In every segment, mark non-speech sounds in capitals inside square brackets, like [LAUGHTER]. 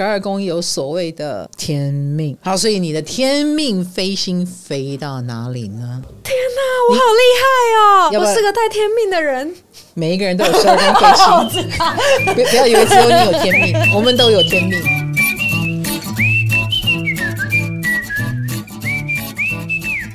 十二宮有所謂的天命，好，所以你的天命飛星飛到哪裡呢？天哪、啊，我好厲害哦，不！我是個帶天命的人。每一個人都有十二宮飛星 [LAUGHS] [LAUGHS] [LAUGHS] 不要以為只有你有天命， [LAUGHS] 我們都有天命。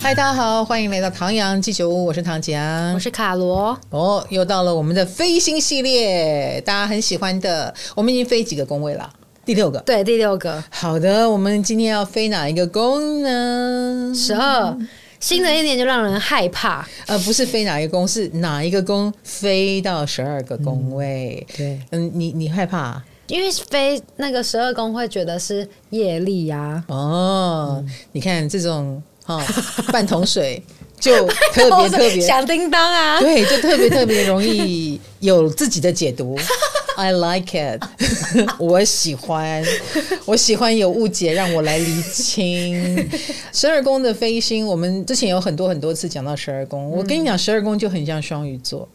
嗨，大家好，歡迎來到唐陽雞酒屋，我是唐吉安，我是卡羅。哦、oh,，又到了我們的飛星系列，大家很喜歡的。我們已經飛幾個宮位了？第六個，對第六個。好的，我們今天要飛哪一個宮呢？十二，新的一年就讓人害怕。嗯、呃，不是飛哪一個宮，是哪一個宮飛到十二個宮位、嗯？對，嗯，你你害怕，因為飛那個十二宮會覺得是業力呀、啊。哦，嗯、你看這種哈、哦、半桶水就特別特別響叮噹啊，對，就特別特別容易有自己的解讀。I like it， [LAUGHS] 我喜歡，我喜歡有誤解，讓我來釐清十二宮的飛星。我們之前有很多很多次講到十二宮、嗯，我跟你講，十二宮就很像雙魚座。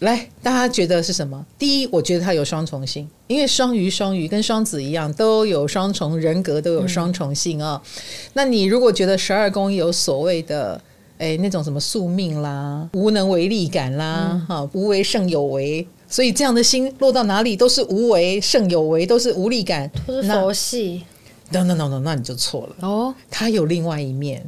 來，大家覺得是什麼？第一，我覺得它有雙重性，因為雙魚雙魚跟雙子一樣，都有雙重人格，都有雙重性啊、哦嗯。那你如果覺得十二宮有所謂的，誒那種什麼宿命啦、無能為力感啦，哈、嗯，無為勝有為。所以這樣的星落到哪裡都是無為勝有為，都是無力感，都是佛系。No，No，No，No，那，no, no, no, 那你就錯了哦。他有另外一面，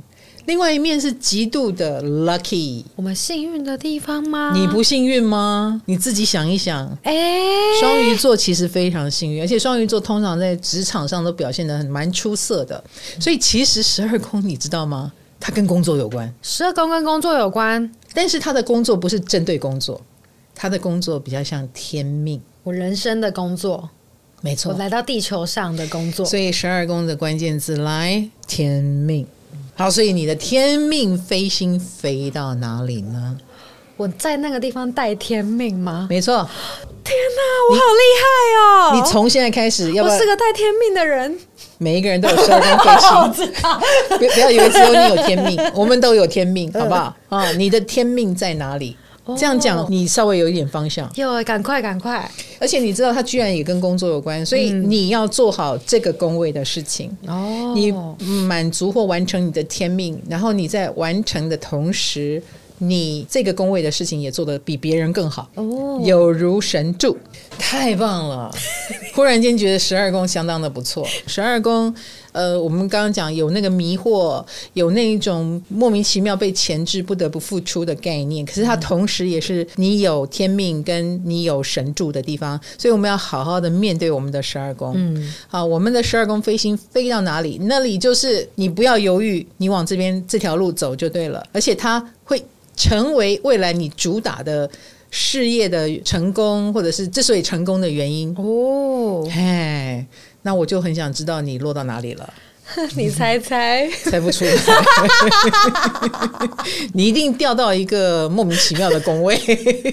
另外一面是極度的 lucky。我們幸運的地方嗎？你不幸運嗎？你自己想一想。誒、欸，雙魚座其實非常幸運，而且雙魚座通常在職場上都表現得很蠻出色的。所以其實十二宮你知道嗎？它跟工作有關。十二宮跟工作有關，但是他的工作不是針對工作。他的工作比較像天命，我人生的工作沒錯，我來到地球上的工作，所以十二宮的關鍵字來天命。好，所以你的天命飛星飛到哪裡呢？我在那個地方帶天命嗎？沒錯。天哪、啊，我好厲害哦！你從現在開始，要，要我是個帶天命的人。每一個人都有十二宮飛星，別 [LAUGHS] 知道 [LAUGHS] 不，不要以為只有你有天命， [LAUGHS] 我們都有天命，好不好？ [LAUGHS] 啊，你的天命在哪裡？這樣講，你稍微有一點方向。喲，趕快趕快！而且你知道，他居然也跟工作有關，所以你要做好這個宮位的事情。哦、嗯，你滿足或完成你的天命，然後你在完成的同時，你這個宮位的事情也做得比別人更好。哦，有如神助，太棒了！ [LAUGHS] 忽然間覺得十二宮相當的不錯，十二宮。呃，我們剛剛講有那個迷惑，有那一種莫名其妙被鉗制，不得不付出的概念，可是它同時也是你有天命跟你有神助的地方，所以我們要好好的面對我們的十二宮。嗯，好，我們的十二宮飛星飛到哪裡，那裡就是你不要猶豫，你往這邊這條路走就對了，而且它會成為未來你主打的事業的成功，或者是之所以成功的原因。哦，嘿。那我就很想知道你落到哪裡了。你猜猜，嗯，猜不出來。 [LAUGHS] [LAUGHS] 你一定掉到一個莫名其妙的工位。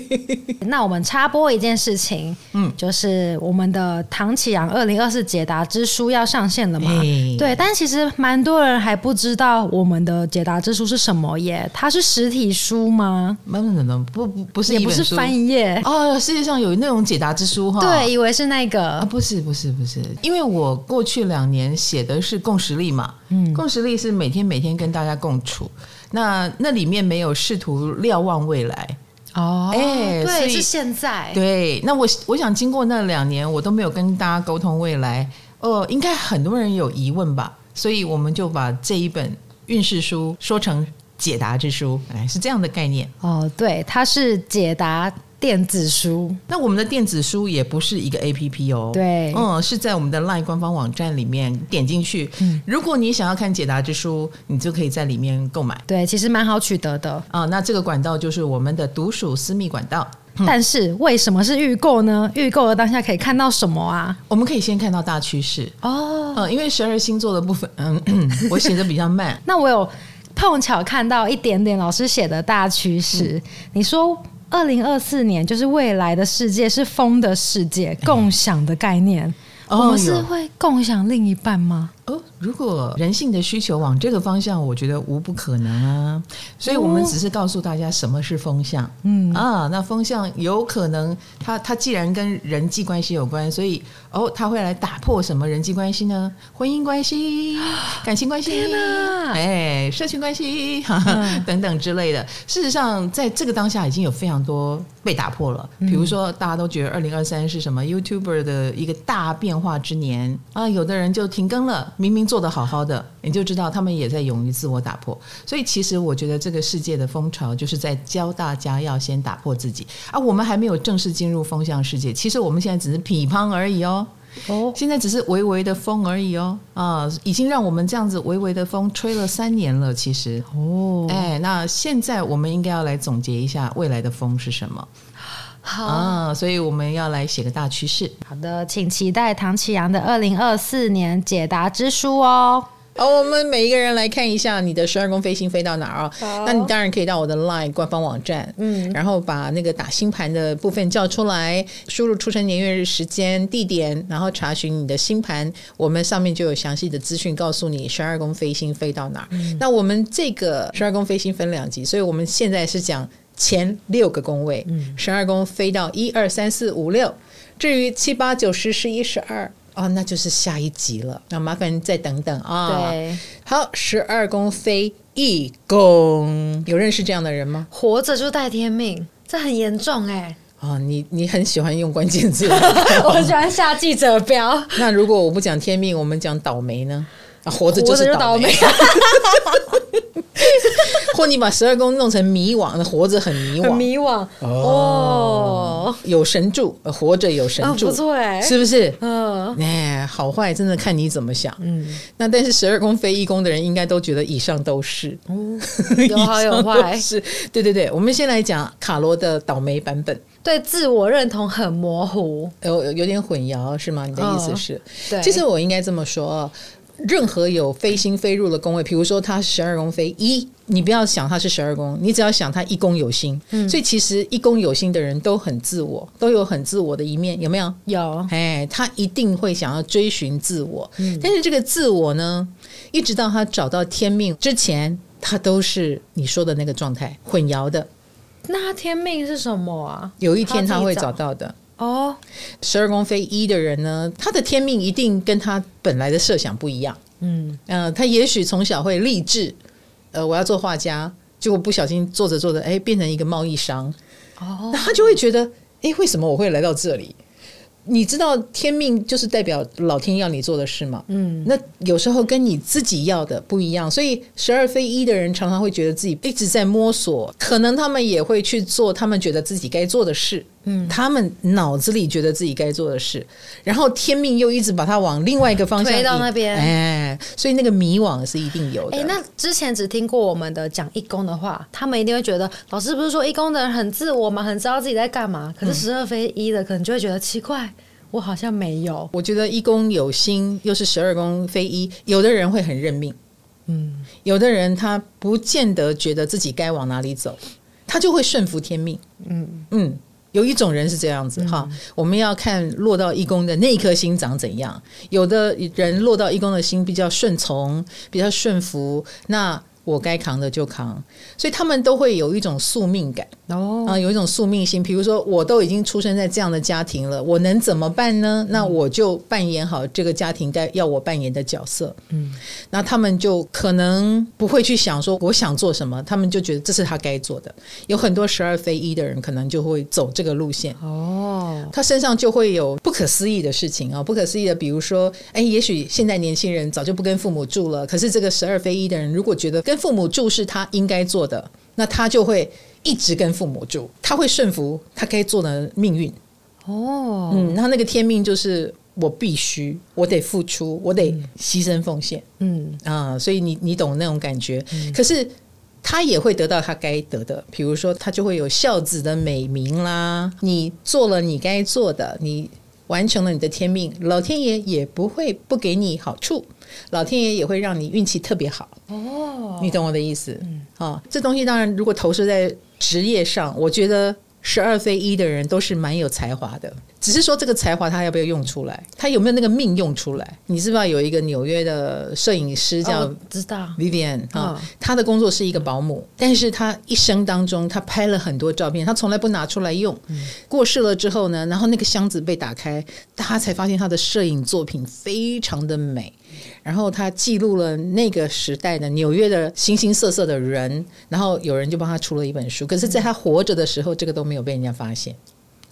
[LAUGHS] 那我們插播一件事情，嗯，就是我們的唐啟陽二零二四解答之書要上線了嘛？欸，對，但其實蠻多人還不知道我們的解答之書是什麼耶？它是實體書嗎？慢，嗯嗯，不不不是，也不是翻頁，哦，世界上有那種解答之書哈，哦？對，以為是那個啊？不是不是不是，因為我過去兩年寫的是共識。實力嘛，嗯，共識力是每天每天跟大家共處，那那裡面沒有試圖瞭望未來哦，哎、欸，是現在。對，那我我想經過那兩年，我都沒有跟大家溝通未來，哦、呃，應該很多人有疑問吧，所以我們就把這一本運勢書說成解答之書，哎，是這樣的概念哦，對，它是解答。電子書，那我們的電子書也不是一個 APP 哦，對，嗯，是在我們的 LINE 官方網站裡面點進去、嗯。如果你想要看解答之書，你就可以在裡面購買。對，其實蠻好取得的。啊、嗯，那這個管道就是我們的獨屬私密管道、嗯。但是為什麼是預購呢？預購的當下可以看到什麼啊？我們可以先看到大趨勢哦。嗯，因為十二星座的部分嗯，嗯，我寫的比較慢。 [LAUGHS] 那我有碰巧看到一點點老師寫的大趨勢。嗯、你說。二零二四年就是未來的世界，是風的世界，共享的概念。嗯 oh、我們是會共享另一半嗎？哦，如果人性的需求往這個方向，我覺得無不可能啊。所以我們只是告訴大家什麼是風向，嗯啊，那風向有可能它，它它既然跟人際關係有關，所以哦，它會來打破什麼人際關係呢？婚姻關係、感情關係，天哪，哎，社群關係哈哈，嗯，等等之類的。事實上，在這個當下已經有非常多被打破了。比如說，大家都覺得二零二三是什麼 YouTuber 的一個大變化之年啊，有的人就停更了。明明做得好好的，你就知道他們也在勇於自我打破。所以其實我覺得這個世界的風潮就是在教大家要先打破自己啊！我們還沒有正式進入風向世界，其實我們現在只是匹風而已哦。哦，現在只是微微的風而已哦。啊，已經讓我們這樣子微微的風吹了三年了，其實哦。哎，那現在我們應該要來總結一下未來的風是什麼。好啊，所以我們要來寫個大趨勢。好的，請期待唐綺陽的二零二四年解答之書哦。好，我們每一個人來看一下你的十二宮飛星飛到哪兒啊？那你當然可以到我的 LINE 官方網站，嗯，然後把那個打星盤的部分叫出來，輸入出生年月日時間地點，然後查詢你的星盤。我們上面就有詳細的資訊告訴你十二宮飛星飛到哪兒，嗯。那我們這個十二宮飛星分兩集，所以我們現在是講。前六個宮位，十二宮飛到一二三四五六，至於七八九十十一十二，哦，那就是下一集了。那麻煩你再等等啊、哦。對，好，十二宮飛一宮，有認識這樣的人嗎？活着就帶天命，這很嚴重哎、欸。啊、哦，你你很喜歡用關鍵字， [LAUGHS] 我很喜歡下記者標。那如果我不講天命，我們講倒霉呢？啊、活着就是倒霉，倒霉 [LAUGHS] [LAUGHS] 或你把十二宮弄成迷惘，那活着很迷惘。很迷惘哦，哦，有神助，活着有神助、哦，不錯哎、欸，是不是？嗯，那、欸、好壞真的看你怎麼想。嗯，那但是十二宮飛一宮的人，應該都覺得以上都是，有、嗯、好有壞。 [LAUGHS] 是對對對，我們先來講卡羅的倒霉版本。對，自我認同很模糊，有、哦、有點混淆是嗎？你的意思是？哦、對，其實我應該這麼說。任何有飛星飛入的宮位，比如說他十二宮飛一，你不要想他是十二宮，你只要想他一宮有星。嗯。所以其實一宮有星的人都很自我，都有很自我的一面，有沒有？有。哎，他一定會想要追尋自我，嗯，但是這個自我呢，一直到他找到天命之前，他都是你說的那個狀態，混淆的。那天命是什麼啊？有一天他會找到的。哦，十二宮飛一的人呢，他的天命一定跟他本來的設想不一樣。嗯，呃，他也許從小會立志，呃，我要做畫家，結果不小心做着做着，哎、欸，變成一個貿易商。哦、oh.，那他就會覺得，哎、欸，為什麼我會來到這裡？你知道天命就是代表老天要你做的事嗎？嗯，那有時候跟你自己要的不一樣，所以十二飛一的人常常會覺得自己一直在摸索，可能他們也會去做他們覺得自己該做的事。嗯，他們腦子裡覺得自己該做的事，然後天命又一直把他往另外一個方向推到那邊，哎、欸，所以那個迷惘是一定有的。哎、欸，那之前只聽過我們的講一宮的話，他們一定會覺得老師不是說一宮的人很自我嗎？很知道自己在幹嘛？可是十二飛一的，可能就會覺得奇怪，我好像沒有。我覺得一宮有心，又是十二宮飛一，有的人會很認命，嗯，有的人他不見得覺得自己該往哪裡走，他就會順服天命，嗯嗯。有一種人是這樣子哈、嗯，我們要看落到一宮的那一顆星長怎樣。有的人落到一宮的星比較順從，比較順服，那。我該扛的就扛，所以他們都會有一種宿命感哦，啊，有一種宿命心。比如說，我都已經出生在這樣的家庭了，我能怎麼辦呢？那我就扮演好這個家庭該要我扮演的角色。嗯，那他們就可能不會去想說我想做什麼，他們就覺得這是他該做的。有很多十二飛一的人，可能就會走這個路線哦。他身上就會有不可思議的事情啊，不可思議的，比如說，哎，也許現在年輕人早就不跟父母住了，可是這個十二飛一的人，如果覺得跟父母就是他應該做的，那他就會一直跟父母住，他會順服，他該做的命運。哦、oh.，嗯，那他那個天命就是我必須，我得付出，我得犧牲奉獻。嗯啊，所以你你懂那種感覺、嗯。可是他也會得到他該得的，比如說他就會有孝子的美名啦。你做了你該做的，你完成了你的天命，老天爺也不會不給你好處。老天爺也會讓你運氣特別好哦，你懂我的意思。嗯，啊，這東西當然，如果投射在職業上，我覺得十二飛一的人都是蠻有才華的，只是說這個才華他要不要用出來，他有沒有那個命用出來？你知不知道有一個紐約的攝影師叫知、哦、道 Vivian、哦、啊，他的工作是一個保姆，哦、但是他一生當中他拍了很多照片，他從來不拿出來用、嗯。過世了之後呢，然後那個箱子被打開，他才發現他的攝影作品非常的美。然後他記錄了那個時代的紐約的形形色色的人，然後有人就幫他出了一本書。可是，在他活着的時候、嗯，這個都沒有被人家發現。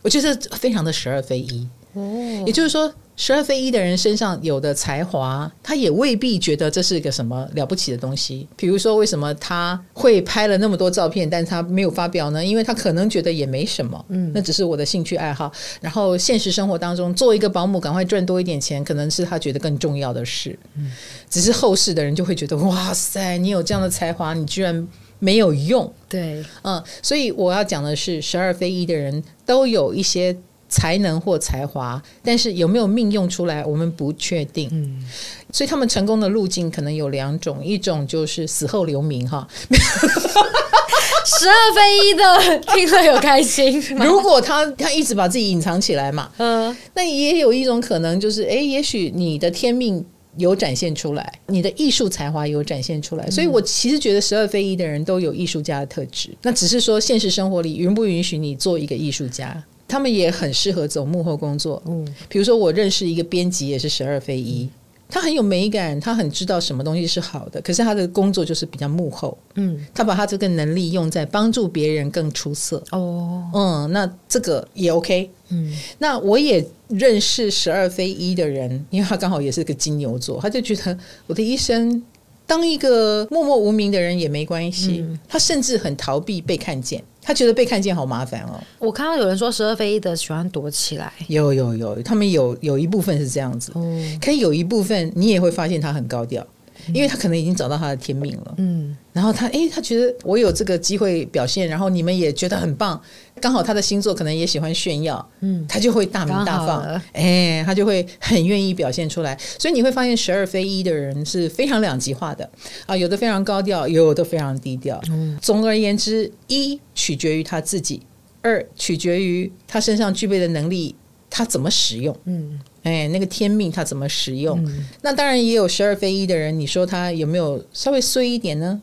我覺得非常的十二飛一、嗯，也就是說。十二飛一的人身上有的才華，他也未必覺得這是一個什麼了不起的東西。比如說，為什麼他會拍了那麼多照片，但是他沒有發表呢？因為他可能覺得也沒什麼，嗯，那只是我的興趣愛好。然後現實生活當中，做一個保姆，趕快賺多一點錢，可能是他覺得更重要的事。嗯，只是後世的人就會覺得，哇塞，你有這樣的才華，你居然沒有用。嗯，對，嗯。所以我要講的是，十二飛一的人都有一些。才能或才華，但是有沒有命用出來，我們不確定。嗯，所以他們成功的路徑可能有兩種，一種就是死後留名哈， [LAUGHS] 十二飛一的 [LAUGHS] 聽了有開心。如果他他一直把自己隱藏起來嘛，嗯，那也有一種可能就是，誒、欸，也許你的天命有展現出來，你的藝術才華有展現出來，嗯。所以我其實覺得十二飛一的人都有藝術家的特質，那只是說現實生活裡允不允許你做一個藝術家。他們也很適合走幕後工作，嗯，比如說我認識一個編輯，也是十二飛一，他很有美感，他很知道什麼東西是好的，可是他的工作就是比較幕後，嗯，他把他這個能力用在幫助別人更出色哦，嗯，那這個也 OK，嗯，那我也認識十二飛一的人，因為他剛好也是個金牛座，他就覺得我的一生當一個默默無名的人也沒關係，嗯，他甚至很逃避被看見。他覺得被看見好麻煩哦。我看到有人說十二飛一的喜歡躲起來，有有有，他們有有一部分是這樣子，哦，可以有一部分你也會發現他很高調。因為他可能已經找到他的天命了，嗯，然後他，誒、哎，他覺得我有這個機會表現，然後你們也覺得很棒，剛好他的星座可能也喜歡炫耀，嗯，他就會大鳴大放，誒、哎，他就會很願意表現出來，所以你會發現十二飛一的人是非常兩極化的，啊，有的非常高調，有的都非常低調，嗯，總而言之，一取決於他自己，二取決於他身上具備的能力，他怎麼使用，嗯。哎，那個天命他怎麼使用？嗯、那當然也有十二飛一的人，你說他有沒有稍微衰一點呢？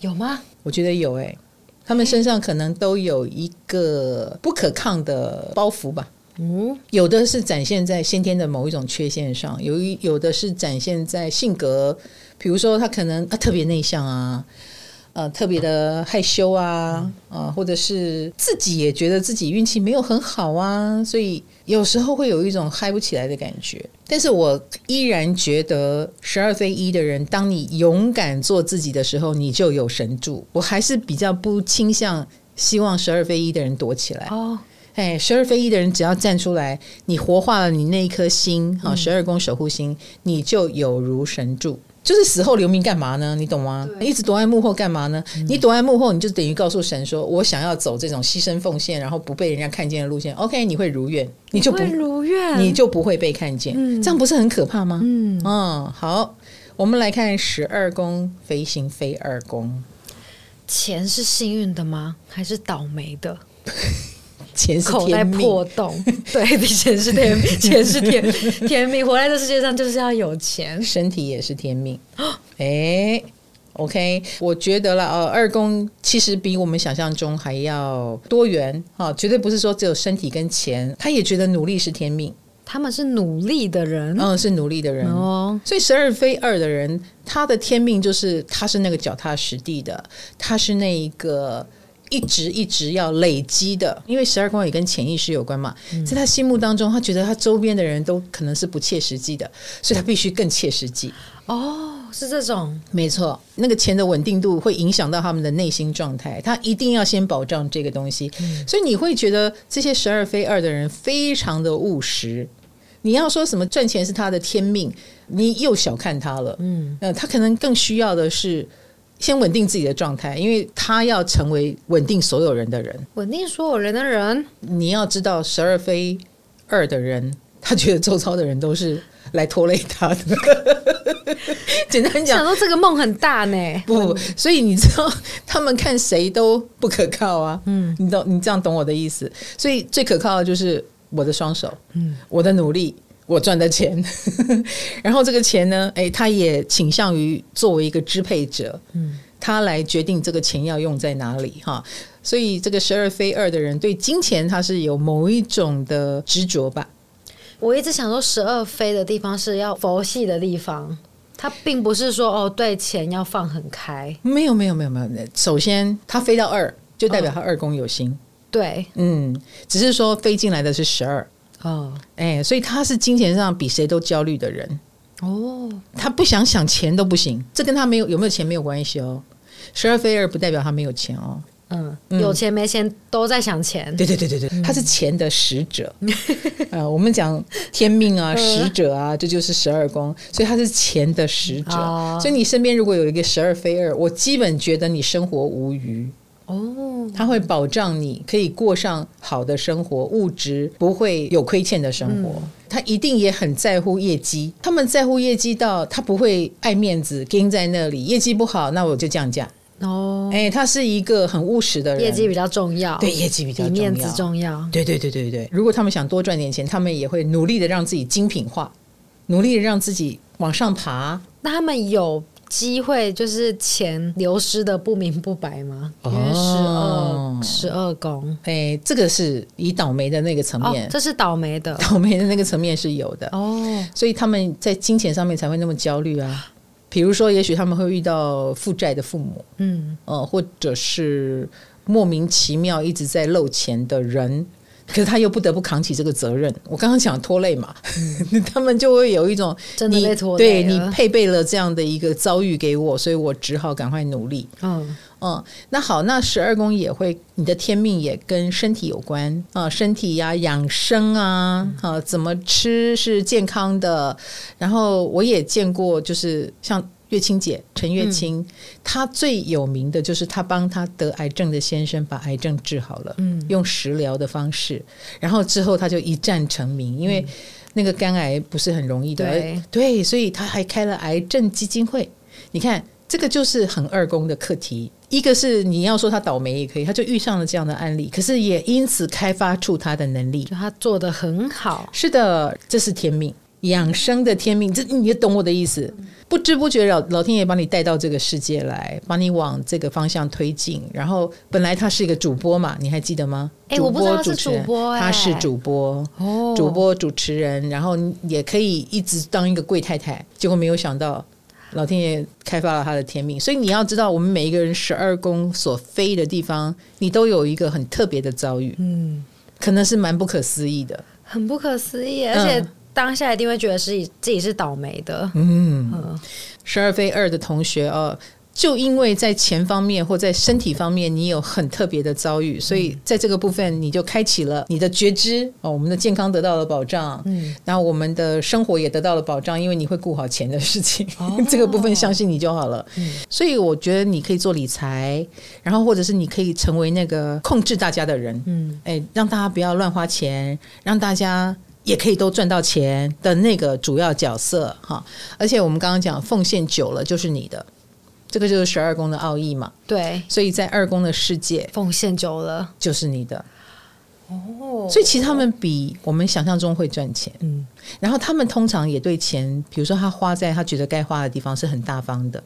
有嗎？我覺得有、欸。哎，他們身上可能都有一個不可抗的包袱吧。嗯，有的是展現在先天的某一種缺陷上，有一有的是展現在性格，比如說他可能他、啊、特別內向啊。呃，特別的害羞啊、呃，或者是自己也覺得自己運氣沒有很好啊，所以有時候會有一種嗨不起來的感覺。但是我依然覺得十二飛一的人，當你勇敢做自己的時候，你就有神助。我還是比較不傾向希望十二飛一的人躲起來哦。哎、Oh. Hey，十二飛一的人只要站出來，你活化了你那一顆心啊，十二宮守護星，你就有如神助。就是死後留名幹嘛呢？你懂嗎？Oh, 一直躲在幕後幹嘛呢、嗯？你躲在幕後，你就等於告訴神說：“我想要走這種犧牲奉獻，然後不被人家看見的路線。” OK，你會如願，你，你就不會如願，你就不會被看見、嗯。這樣不是很可怕嗎？嗯，嗯、哦，好，我們來看十二宮飛星飛二宮，錢是幸運的嗎？還是倒霉的？ [LAUGHS] 錢是天命，口袋破洞， [LAUGHS] 對，錢是天命， [LAUGHS] 錢是天，天命，活在這世界上就是要有錢，身體也是天命，哎、 [LAUGHS] 欸，OK，我覺得了呃，二宮其實比我們想象中還要多元，哈、啊，絕對不是說只有身體跟錢，他也覺得努力是天命，他們是努力的人，嗯，是努力的人哦，oh. 所以十二飛二的人，他的天命就是他是那個腳踏實地的，他是那一個。一直一直要累積的，因為十二宮也跟潛意識有關嘛、嗯。在他心目當中，他覺得他周邊的人都可能是不切實際的，所以他必須更切實際、嗯。哦，是這種，沒錯。那個錢的穩定度會影響到他們的內心狀態，他一定要先保障這個東西。嗯、所以你會覺得這些十二飛二的人非常的務實。你要說什麼賺錢是他的天命，你又小看他了。嗯，那、呃、他可能更需要的是。先穩定自己的狀態，因為他要成為穩定所有人的人，穩定所有人的人。你要知道，十二飛二的人，他覺得周遭的人都是來拖累他的。 [LAUGHS] 簡單講，想說這個夢很大呢。不，嗯、所以你知道，他們看誰都不可靠啊。嗯，你懂，你這樣懂我的意思。所以最可靠的就是我的雙手，嗯，我的努力。我賺的錢， [LAUGHS] 然後這個錢呢，哎、欸，他也傾向於作為一個支配者，嗯，他來決定這個錢要用在哪裡哈。所以這個十二飛二的人對金錢他是有某一種的執着吧。我一直想說，十二飛的地方是要佛系的地方，他並不是說哦，對錢要放很開。沒有沒有沒有沒有，首先他飛到二，就代表他二宮有心、哦。對，嗯，只是說飛進來的是十二。哦，哎，所以他是金錢上比誰都焦慮的人哦。Oh. 他不想想錢都不行，這跟他沒有有沒有錢沒有關係哦。十二飛二不代表他沒有錢哦。Oh. 嗯，有錢沒錢都在想錢。對對對對對，嗯，他是錢的使者。 [LAUGHS] 呃，我們講天命啊，使者啊， [LAUGHS] 這就是十二宮，所以他是錢的使者。Oh. 所以你身邊如果有一個十二飛二，我基本覺得你生活無虞。哦，他會保障你可以過上好的生活，物質不會有虧欠的生活。嗯，他一定也很在乎業績，他們在乎業績到他不會愛面子釘在那裡，業績不好那我就降價。哦，哎，他是一個很務實的人，業績比較重要，對業績比較重要。面子重要，對對對對對。如果他們想多賺點錢，他們也會努力的讓自己精品化，努力的讓自己往上爬。那他們有機會就是錢流失的不明不白嗎？因為 12, 哦，十二十二宮，哎，這個是以倒霉的那個層面，哦，這是倒霉的，倒霉的那個層面是有的哦。所以他們在金錢上面才會那麼焦慮啊。比如說，也許他們會遇到負債的父母，嗯，呃，或者是莫名其妙一直在漏錢的人。可是他又不得不扛起這個責任。我剛剛講拖累嘛，呵呵他們就會有一種真的累拖累、啊、你對你配備了這樣的一個遭遇給我，所以我只好趕快努力。嗯嗯，那好，那十二宮也會，你的天命也跟身體有關啊、呃，身體呀、啊、養生啊，啊、呃，怎麼吃是健康的。嗯、然後我也見過，就是像。月清姐，陳月清、嗯，她最有名的就是她幫她得癌症的先生把癌症治好了，嗯、用食療的方式。然後之後她就一戰成名，因為那個肝癌不是很容易的，嗯、對，對，所以她還開了癌症基金會。你看，這個就是很二宮的課題。一個是你要說她倒霉也可以，她就遇上了這樣的案例，可是也因此開發出她的能力，她做得很好。是的，這是天命。養生的天命，這你也懂我的意思。不知不覺老，老老天爺把你帶到這個世界來，把你往這個方向推進。然後本來他是一個主播嘛，你還記得嗎？主播主持人，我不知道是主播、欸，他是主播、哦、主播主持人，然後也可以一直當一個貴太太。結果沒有想到，老天爺開發了他的天命。所以你要知道，我們每一個人十二宮所飛的地方，你都有一個很特別的遭遇。嗯，可能是蠻不可思議的，很不可思議，而且。當下一定會覺得是自，自己是倒霉的。嗯，十二飛二的同學哦、呃，就因為在錢方面或在身體方面你有很特別的遭遇，嗯，所以在這個部分你就開啟了你的覺知哦，我們的健康得到了保障。嗯，然後我們的生活也得到了保障，因為你會顧好錢的事情。哦、 [LAUGHS] 這個部分相信你就好了。哦嗯、所以我覺得你可以做理財，然後或者是你可以成為那個控制大家的人。嗯，哎、欸，讓大家不要亂花錢，讓大家。也可以都賺到錢的那個主要角色哈，而且我們剛剛講奉獻久了就是你的，這個就是十二宮的奧義嘛。對，所以在二宮的世界，奉獻久了就是你的。哦，所以其實他們比我們想象中會賺錢。嗯、哦，然後他們通常也對錢，比如說他花在他覺得該花的地方是很大方的。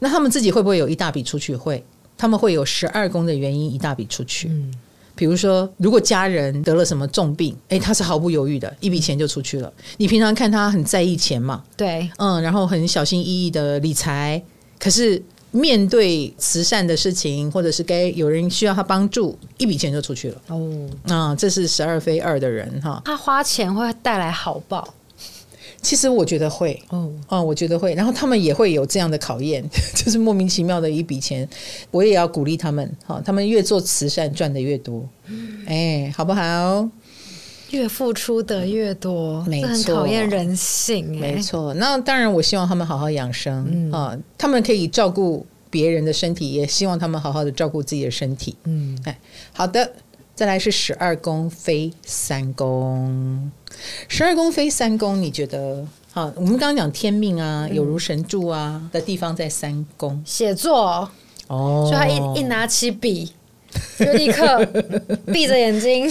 那他們自己會不會有一大筆出去？會，他們會有十二宮的原因一大筆出去。嗯。比如說，如果家人得了什麼重病，欸、他是毫不猶豫的一筆錢就出去了。你平常看他很在意錢嘛，對，嗯，然後很小心翼翼的理財。可是面對慈善的事情，或者是該有人需要他幫助，一筆錢就出去了。哦，那、嗯、這是十二飛二的人哈，他花錢會帶來好報。其實我覺得會哦，哦，我覺得會。然後他們也會有這樣的考驗，就是莫名其妙的一筆錢，我也要鼓勵他們哈、哦。他們越做慈善賺得越多、嗯，哎，好不好？越付出的越多，沒錯，這很考驗人性、欸。沒錯，那當然，我希望他們好好養生啊、嗯哦。他們可以照顧別人的身體，也希望他們好好的照顧自己的身體。嗯，哎，好的，再來是十二宮飛三宮。十二宮飛三宮，你覺得？好、啊，我們剛剛講天命啊，嗯、有如神助啊的地方在三宮寫作哦，所以他一一拿起筆就立刻閉着眼睛。 [LAUGHS]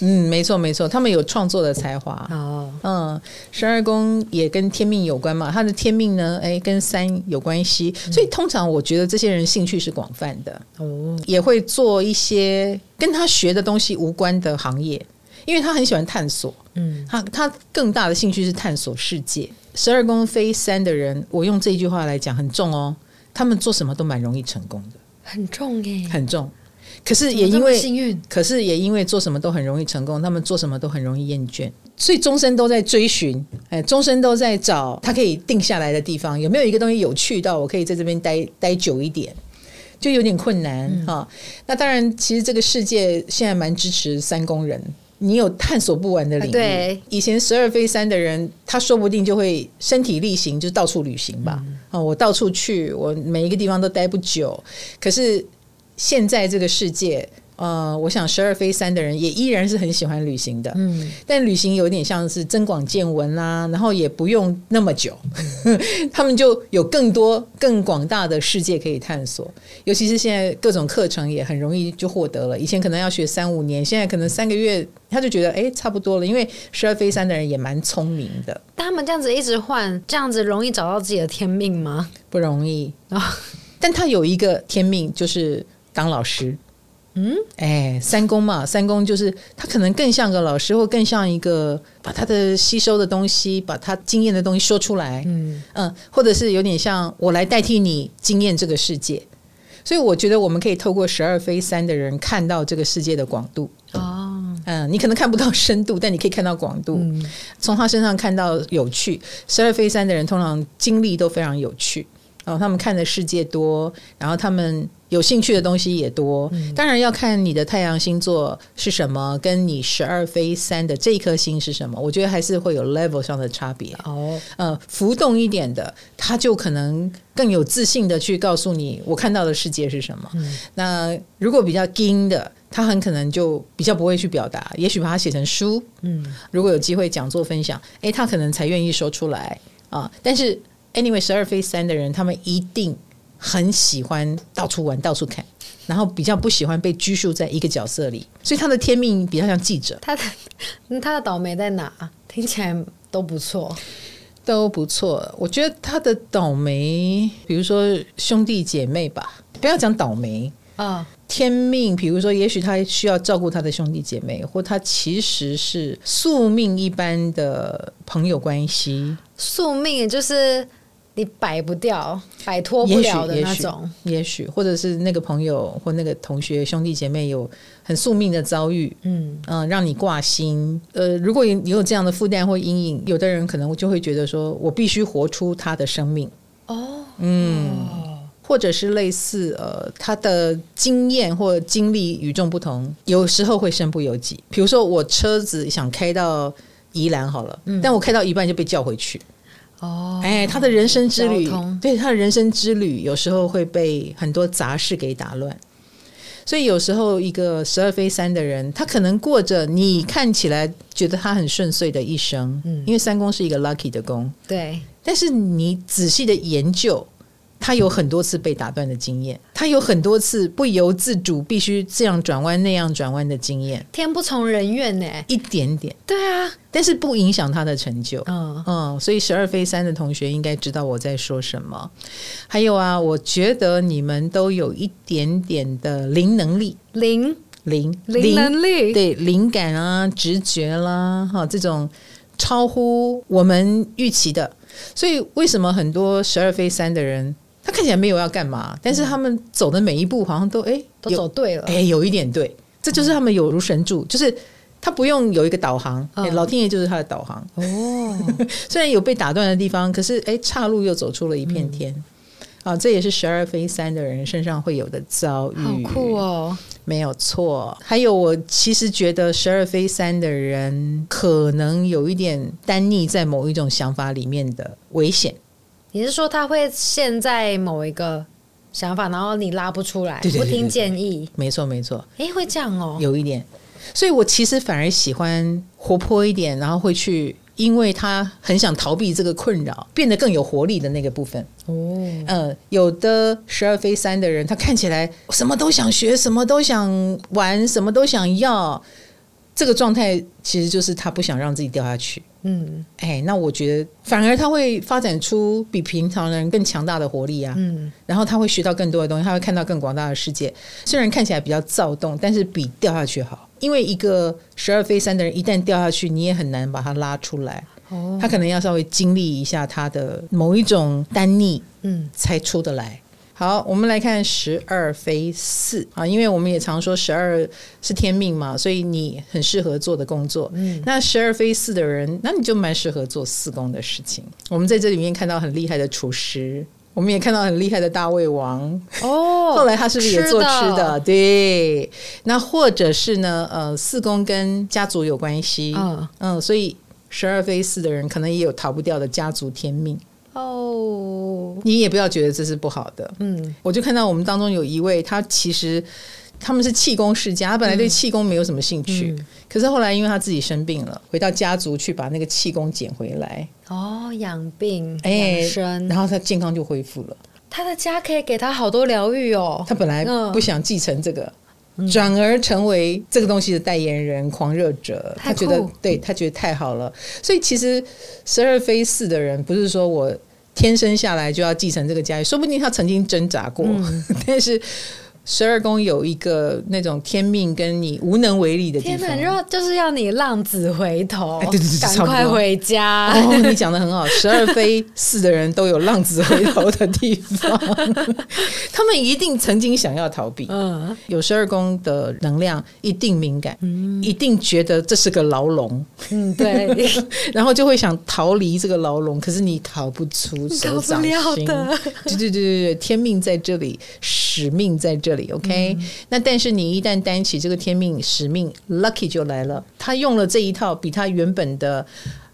嗯，沒錯沒錯，他們有創作的才華。哦、嗯，十二宮也跟天命有關嘛，他的天命呢，哎，跟三有關係，所以通常我覺得這些人興趣是廣泛的哦，也會做一些跟他學的東西無關的行業。因為他很喜歡探索，嗯，他他更大的興趣是探索世界。十二宮飛三的人，我用這一句話來講很重哦，他們做什麼都蠻容易成功的，很重耶，很重。可是也因為怎麼這麼幸運，可是也因為做什麼都很容易成功，他們做什麼都很容易厭倦，所以終身都在追尋，哎，終身都在找他可以定下來的地方。有沒有一個東西有趣到我可以在這邊待待久一點？就有點困難哈、嗯哦。那當然，其實這個世界現在蠻支持三宮人。你有探索不完的領域。以前十二飛三的人，他說不定就會身體力行，就到處旅行吧。啊，我到處去，我每一個地方都待不久。可是現在這個世界。呃、uh，我想十二飛三的人也依然是很喜歡旅行的，嗯，但旅行有點像是增廣見聞啦，然後也不用那麼久， [LAUGHS] 他們就有更多更廣大的世界可以探索。尤其是現在各種課程也很容易就獲得了，以前可能要學三五年，現在可能三個月他就覺得哎、欸，差不多了。因為十二飛三的人也蠻聰明的，但他們這樣子一直換，這樣子容易找到自己的天命嗎？不容易啊，oh. 但他有一個天命就是當老師。嗯，哎，三宮嘛，三宮就是他可能更像個老師，或更像一個把他的吸收的東西，把他經驗的東西說出來。嗯嗯、呃，或者是有點像我來代替你經驗這個世界。所以我覺得我們可以透過十二飛三的人看到這個世界的廣度。哦，嗯、呃，你可能看不到深度，但你可以看到廣度，嗯。從他身上看到有趣，十二飛三的人通常經歷都非常有趣。哦、呃，他們看的世界多，然後他們，有興趣的東西也多，嗯、當然要看你的太陽星座是什麼，跟你十二飛三的這顆星是什麼。我覺得還是會有 level 上的差別。哦，呃，浮動一點的，他就可能更有自信的去告訴你，我看到的世界是什麼。嗯、那如果比較硬的，他很可能就比較不會去表達，也許把它寫成書。嗯，如果有機會講座分享，哎、欸，他可能才願意說出來啊、呃。但是 anyway，十二飛三的人，他們一定。很喜歡到處玩到處看，然後比較不喜歡被拘束在一個角色裡，所以他的天命比較像記者。他的他的倒霉在哪？聽起來都不錯，都不錯。我覺得他的倒霉，比如說兄弟姐妹吧，不要講倒霉啊、嗯。天命，比如說，也許他需要照顧他的兄弟姐妹，或他其實是宿命一般的朋友關係。宿命也就是。你擺不掉，擺脫不了的那種，也許，也許，也許或者是那個朋友或那個同學、兄弟姐妹有很宿命的遭遇。嗯嗯、呃，讓你掛心。呃，如果有有這樣的負擔或陰影，有的人可能就會覺得說，我必須活出他的生命。哦，嗯，哦，或者是類似呃，他的經驗或經歷與眾不同，有時候會身不由己。比如說，我車子想開到宜蘭好了，嗯，但我開到一半就被叫回去。哦，哎，他的人生之旅、對他的人生之旅，有時候會被很多雜事給打亂，所以有時候一個十二飛三的人，他可能過着你看起來覺得他很順遂的一生，嗯，因為三宮是一個 lucky 的宮，對，但是你仔細的研究。他有很多次被打斷的經驗，他有很多次不由自主必須這樣轉彎那樣轉彎的經驗。天不從人願呢、欸，一點點，對啊，但是不影響他的成就。嗯、哦、嗯，所以十二飛三的同學應該知道我在說什麼。還有啊，我覺得你們都有一點點的靈能力，靈靈靈能力，對靈感啊、直覺啦，哈、哦，這種超乎我們預期的。所以為什麼很多十二飛三的人，他看起來沒有要幹嘛，但是他們走的每一步好像都誒、欸、都走對了。誒、欸，有一點對，這就是他們有如神助，嗯、就是他不用有一個導航，嗯欸、老天爺就是他的導航。哦、嗯， [LAUGHS] 雖然有被打斷的地方，可是誒、欸，岔路，又走出了一片天、嗯、啊！這也是十二飛三的人身上會有的遭遇，好酷哦，沒有錯。還有，我其實覺得十二飛三的人可能有一點耽溺在某一種想法裡面的危險。你是說他會陷在某一個想法，然後你拉不出來，對對對對對，不聽建議？沒錯，沒錯。哎，會這樣哦，有一點。所以我其實反而喜歡活潑一點，然後會去，因為他很想逃避這個困擾，變得更有活力的那個部分。哦，嗯、呃，有的十二非三的人，他看起來什麼都想學，什麼都想玩，什麼都想要。這個狀態其實就是他不想讓自己掉下去。嗯，哎，那我覺得反而他會發展出比平常人更強大的活力啊。嗯，然後他會學到更多的東西，他會看到更廣大的世界。雖然看起來比較躁動，但是比掉下去好，因為一個十二飛三的人一旦掉下去，你也很難把他拉出來。哦，他可能要稍微經歷一下他的某一種單逆，嗯，才出得來。嗯好，我們來看十二飛四啊，因為我們也常說十二是天命嘛，所以你很適合做的工作。嗯，那十二飛四的人，那你就蠻適合做四宮的事情。我們在這裡面看到很厲害的廚師，我們也看到很厲害的大胃王哦。 [LAUGHS] 後來他是不是也做吃的，吃的？對，那或者是呢？呃，四宮跟家族有關係嗯，嗯，所以十二飛四的人可能也有逃不掉的家族天命。哦、oh，你也不要覺得這是不好的。嗯，我就看到我們當中有一位，他其實他們是氣功世家，他本來對氣功沒有什麼興趣，嗯，可是後來因為他自己生病了，回到家族去把那個氣功撿回來。哦，養病，養生，哎，然後他健康就恢復了。他的家可以給他好多療癒哦。他本來不想繼承這個，嗯，轉而成為這個東西的代言人，狂熱者。他覺得，對，他覺得太好了。所以其實十二飛四的人，不是說我，天生下來就要繼承這個家業，說不定他曾經掙扎過，嗯，但是。十二宮有一個那種天命跟你無能為力的天分，然後就是要你浪子回頭，趕、哎、快回家。Oh, 你講的很好，十二飛四的人都有浪子回頭的地方， [LAUGHS] 他們一定曾經想要逃避。嗯，有十二宮的能量一定敏感，嗯，一定覺得這是個牢籠。嗯，對， [LAUGHS] 然後就會想逃離這個牢籠，可是你逃不出手掌心。對對對對對，天命在這裡，使命在這裡。OK，、嗯、那但是你一旦擔起這個天命使命，Lucky 就來了。他用了這一套，比他原本的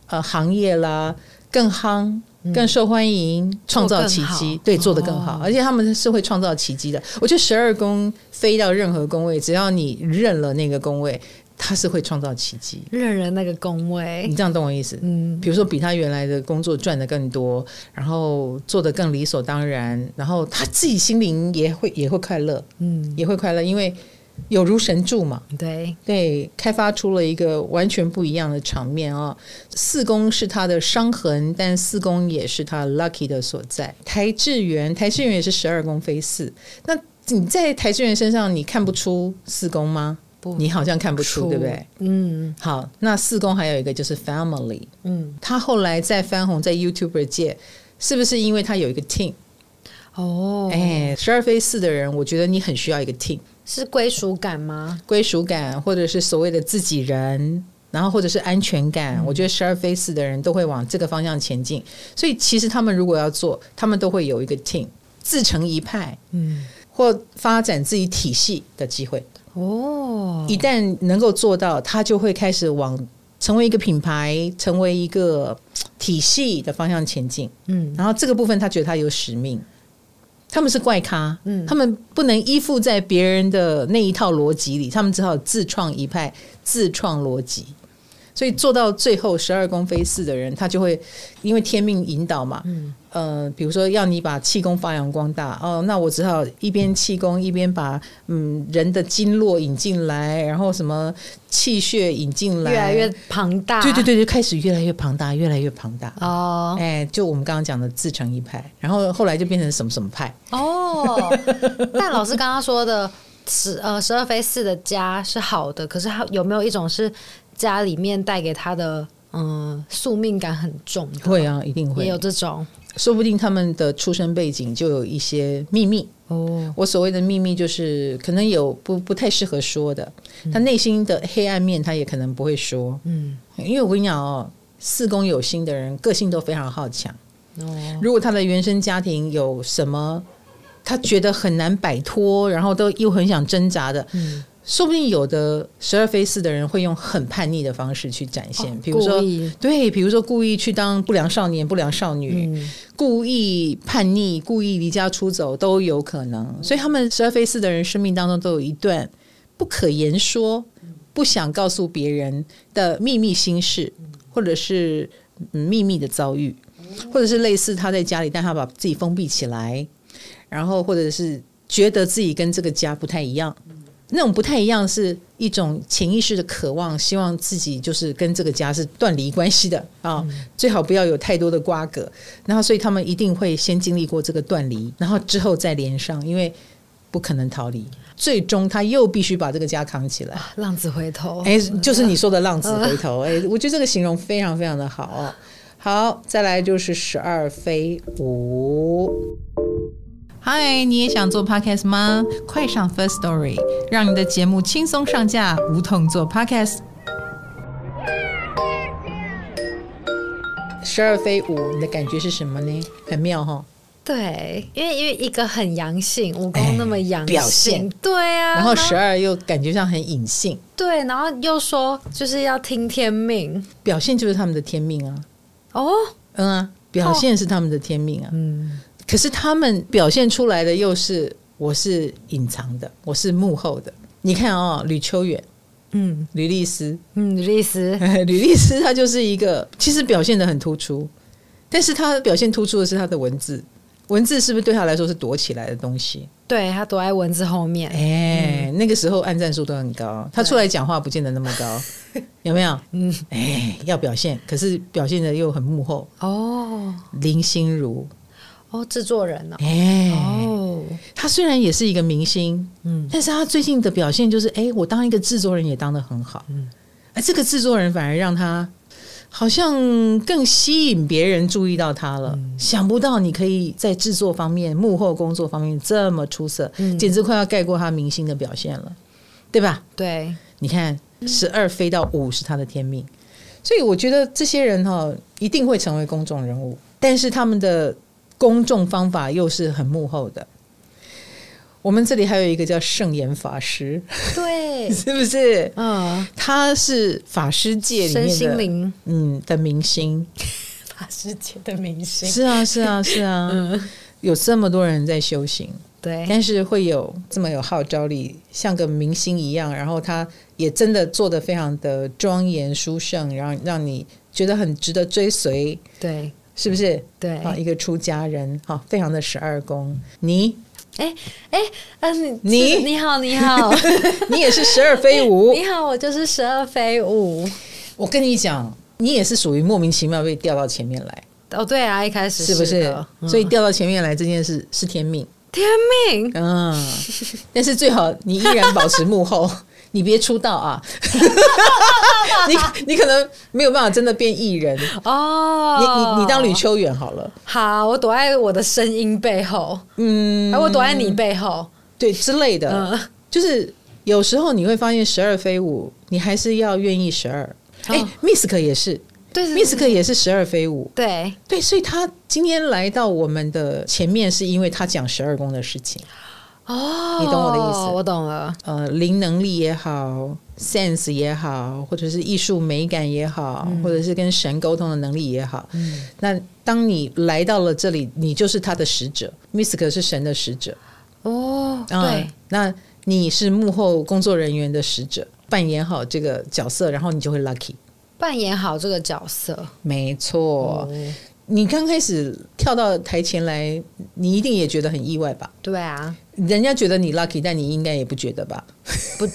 呃行業啦更夯、更受歡迎，嗯、創造奇蹟，對，做得更好、哦。而且他們是會創造奇蹟的。我覺得十二宮飛到任何宮位，只要你認了那個宮位。他是會創造奇蹟，任人那個工位，你這樣懂我意思？嗯，比如說比他原來的工作賺得更多，然後做得更理所當然，然後他自己心靈也會也會快樂，嗯，也會快樂、嗯，因為有如神助嘛。對對，開發出了一個完全不一樣的場面啊、哦！四宮是他的傷痕，但四宮也是他 lucky 的所在。台志遠，台志遠也是十二宮飛四，那你在台志遠身上你看不出四宮嗎？你好像看不出，True, 對不對？嗯，好。那四宮還有一個就是 family，嗯，他後來在翻紅，在 YouTuber 界，是不是因為他有一個 team？哦，哎、欸，十二飛四的人，我覺得你很需要一個 team，是歸屬感嗎？歸屬感，或者是所謂的自己人，然後或者是安全感。嗯、我覺得十二飛四的人都會往這個方向前進，所以其實他們如果要做，他們都會有一個 team，自成一派，嗯，或發展自己體系的機會。哦，oh，一旦能夠做到，他就會開始往成為一個品牌、成為一個體系的方向前進。嗯，然後這個部分他覺得他有使命，他們是怪咖，嗯，他們不能依附在別人的那一套邏輯裡，他們只好自創一派，自創邏輯。所以做到最後十二宮飛四的人，他就會因為天命引導嘛，嗯，呃，比如說要你把氣功發揚光大，哦，那我只好一邊氣功一邊把嗯人的經絡引進來，然後什麼氣血引進來，越來越龐大，對對對，就開始越來越龐大，越來越龐大哦，哎、欸，就我們剛剛講的自成一派，然後後來就變成什麼什麼派哦。 [LAUGHS] 但老師剛剛說的十呃十二飛四的家是好的，可是它有沒有一種是家裡面帶給他的，嗯、呃，宿命感很重。會啊，一定會有這種。說不定他們的出生背景就有一些祕密哦。我所謂的祕密，就是可能有不不太適合說的。他內心的黑暗面，他也可能不會說。嗯，因為我跟你講哦，四宮有心的人，個性都非常好強。哦。如果他的原生家庭有什麼，他覺得很難擺脫，然後都又很想掙扎的。嗯。說不定有的十二飛四的人會用很叛逆的方式去展現，哦、比如說對，比如說故意去當不良少年、不良少女，嗯、故意叛逆，故意離家出走都有可能、嗯。所以他們十二飛四的人生命當中都有一段不可言說、不想告訴別人的秘密心事，或者是嗯、秘密的遭遇，或者是類似他在家裡，但他把自己封閉起來，然後或者是覺得自己跟這個家不太一樣。嗯那種不太一樣，是一種潛意識的渴望，希望自己就是跟這個家是斷離關係的啊，最好不要有太多的瓜葛。然後，所以他們一定會先經歷過這個斷離，然後之後再連上，因為不可能逃離，最終他又必須把這個家扛起來。浪子回頭，哎，就是你說的浪子回頭，哎，我覺得這個形容非常非常的好啊。好，再來就是十二飛五。嗨，你也想做 podcast 嗎？快上 First Story，讓你的節目輕鬆上架，無痛做 podcast。十二飛五。你的感覺是什麼呢？很妙哈、哦。對，因為因為一個很陽性，五宮那麼陽性、哎，對啊。然後十二又感覺像很隱性。對，然後又說就是要聽天命，表現就是他們的天命啊。哦，嗯啊，表現是他們的天命啊。哦、嗯。可是他們表現出來的又是我是隱藏的，我是幕後的，你看啊、哦，呂秋遠，嗯，呂律師，嗯，律師，呂律師她就是一個其實表現得很突出，但是她表現突出的是她的文字，文字是不是對她來說是躲起來的東西？對，她躲在文字後面。哎、欸嗯，那個時候按讚數都很高，她出來講話不見得那麼高，有沒有？嗯，哎、欸，要表現，可是表現得又很幕後。哦，林心如。哦，製作人呢？哎、okay. 欸，oh. 他雖然也是一個明星，嗯，但是他最近的表現就是，哎、欸，我當一個製作人也當得很好，嗯，哎，這個製作人反而讓他好像更吸引別人注意到他了、嗯。想不到你可以在製作方面、幕後工作方面這麼出色，嗯、簡直快要蓋過他明星的表現了，對吧？對，你看十二飛到五是他的天命，所以我覺得這些人哈一定會成為公眾人物，但是他們的。公眾方法又是很幕後的，我們這裡還有一個叫聖嚴法師，對， [LAUGHS] 是不是？嗯，他是法師界裡面的，嗯，的明星，法師界的明星，是啊，是啊，是啊、 [LAUGHS] 嗯，有這麼多人在修行，對，但是會有這麼有號召力，像個明星一樣，然後他也真的做得非常的莊嚴、殊勝，然後讓你覺得很值得追隨，對。是不是？對啊，一個出家人，哈，非常的十二宮。你，誒、欸、誒、欸、啊你你你好你好，你，好 [LAUGHS] 你也是十二飛五。你好，我就是十二飛五。我跟你講，你也是屬於莫名其妙被調到前面來。哦，對啊，一開始是，是不是？嗯、所以調到前面來這件事是天命，天命。嗯、啊，但是最好你依然保持幕後。 [LAUGHS] 你別出道啊！ [LAUGHS] 你你可能沒有辦法真的變藝人哦、oh,。你你你當呂秋遠好了。好，我躲在我的聲音背後。嗯、啊，我躲在你背後。對，之類的、uh, 就是有時候你會發現十二飛五，你還是要願意十二。哎、欸 oh,，Misk 也是對，Misk 也是十二飛五。對對，所以他今天來到我們的前面，是因為他講十二宮的事情。哦、oh,，你懂我的意思，我懂了。呃，靈能力也好，sense 也好，或者是藝術美感也好、嗯，或者是跟神溝通的能力也好、嗯，那當你來到了這裡，你就是他的使者。Miska 是神的使者，哦、oh, 呃，對，那你是幕後工作人員的使者，扮演好這個角色，然後你就會 lucky。扮演好這個角色，沒錯。嗯你剛開始跳到台前來，你一定也覺得很意外吧？對啊，人家覺得你 lucky，但你應該也不覺得吧？不，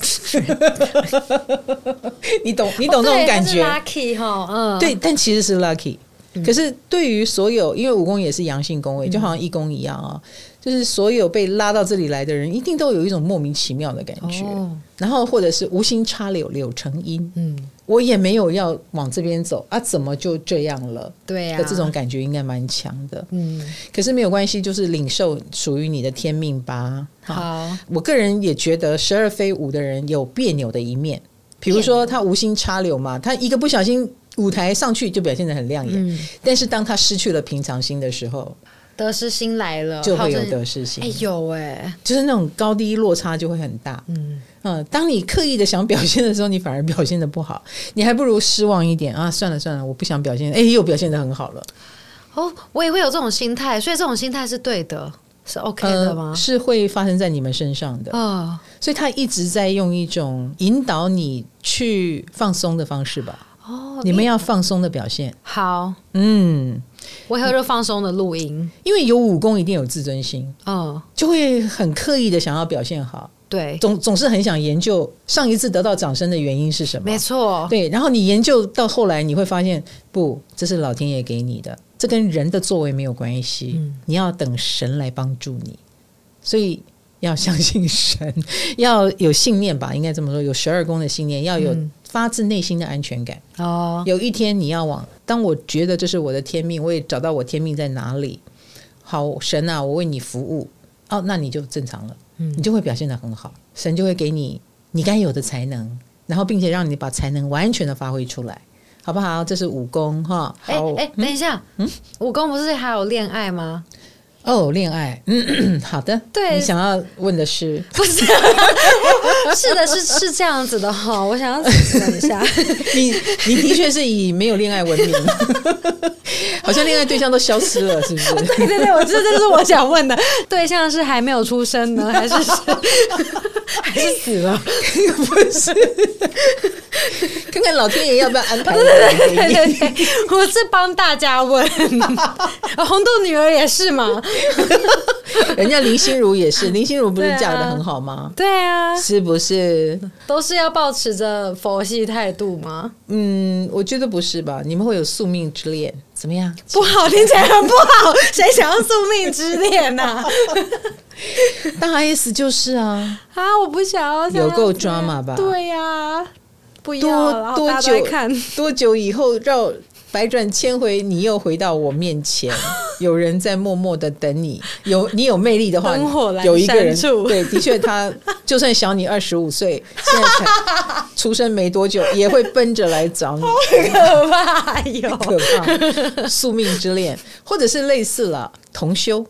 [LAUGHS] [LAUGHS] 你懂你懂那種感覺、哦、是 lucky 哈、哦，嗯，對，但其實是 lucky、嗯。可是對於所有，因為五宮也是陽性宮位，就好像一宮一樣啊、哦。嗯嗯就是所有被拉到這裡來的人，一定都有一種莫名其妙的感覺，Oh. 然後或者是無心插柳柳成蔭。嗯，我也沒有要往這邊走啊，怎麼就這樣了？對呀、啊，這種感覺應該蠻強的。嗯，可是沒有關係，就是領受屬於你的天命吧。好，我個人也覺得十二飛五的人有彆扭的一面，比如說他無心插柳嘛，他一個不小心舞台上去就表現得很亮眼、嗯，但是當他失去了平常心的時候。得失心來了，就會有得失心。哎、欸，有哎、欸，就是那種高低落差就會很大。嗯嗯，當你刻意的想表現的時候，你反而表現的不好，你還不如失望一點啊！算了算了，我不想表現。哎、欸，又表現的很好了、嗯。哦，我也會有這種心態，所以這種心態是對的，是 OK 的嗎、呃？是會發生在你們身上的啊、哦。所以他一直在用一種引導你去放鬆的方式吧。哦，你們要放鬆的表現。好，嗯。我還有放鬆的錄音、嗯，因為有武功一定有自尊心，哦，就會很刻意的想要表現好，對，總總是很想研究上一次得到掌聲的原因是什麼，沒錯，對，然後你研究到後來，你會發現不，這是老天爺給你的，這跟人的作為沒有關係、嗯，你要等神來幫助你，所以要相信神，嗯、要有信念吧，應該這麼說，有十二宮的信念，要有、嗯。發自內心的安全感哦，有一天你要往，當我覺得這是我的天命，我也找到我的天命在哪裡。好神啊，我為你服務哦，那你就正常了，你就會表現得很好，嗯、神就會給你你該有的才能，然後並且讓你把才能完全的發揮出來，好不好？這是五宮哈，哎哎、欸欸，等一下，嗯，五宮不是還有戀愛嗎？哦，戀愛，嗯，好的，對，你想要問的是，不是？ [LAUGHS] 是的，是是這樣子的哈，我想要請問一下， [LAUGHS] 你你的確是以沒有戀愛聞名。 [LAUGHS] [LAUGHS] 好像戀愛對象都消失了，是不是？ [LAUGHS] 對對對，我這這是我想問的，對象是還沒有出生呢，還是死 [LAUGHS] 還是死了？ [LAUGHS] 不是， [LAUGHS] 看看老天爺要不要安排？ [LAUGHS] 對對對，我是幫大家問， [LAUGHS] [LAUGHS] 紅豆女兒也是嗎？ [LAUGHS] 人家林心如也是，林心如不是嫁得很好嗎？對啊，對啊是不是都是要保持着佛系態度嗎？嗯，我覺得不是吧。你們會有宿命之戀怎麼樣？不好，聽起來很不好。 [LAUGHS] 誰想要宿命之戀呢、啊？大 S 就是啊，啊，我不想要有夠 drama 吧？對呀、啊，不要多，多久、哦、看？多久以後照？百轉千回，你又回到我面前。有人在默默的等你。有你有魅力的話，有一個人，對，的確，他就算小你二十五歲，現在才出生沒多久， [LAUGHS] 也會奔着來找你。可怕，有 [LAUGHS] 可怕，宿命之戀， [LAUGHS] 或者是類似了同修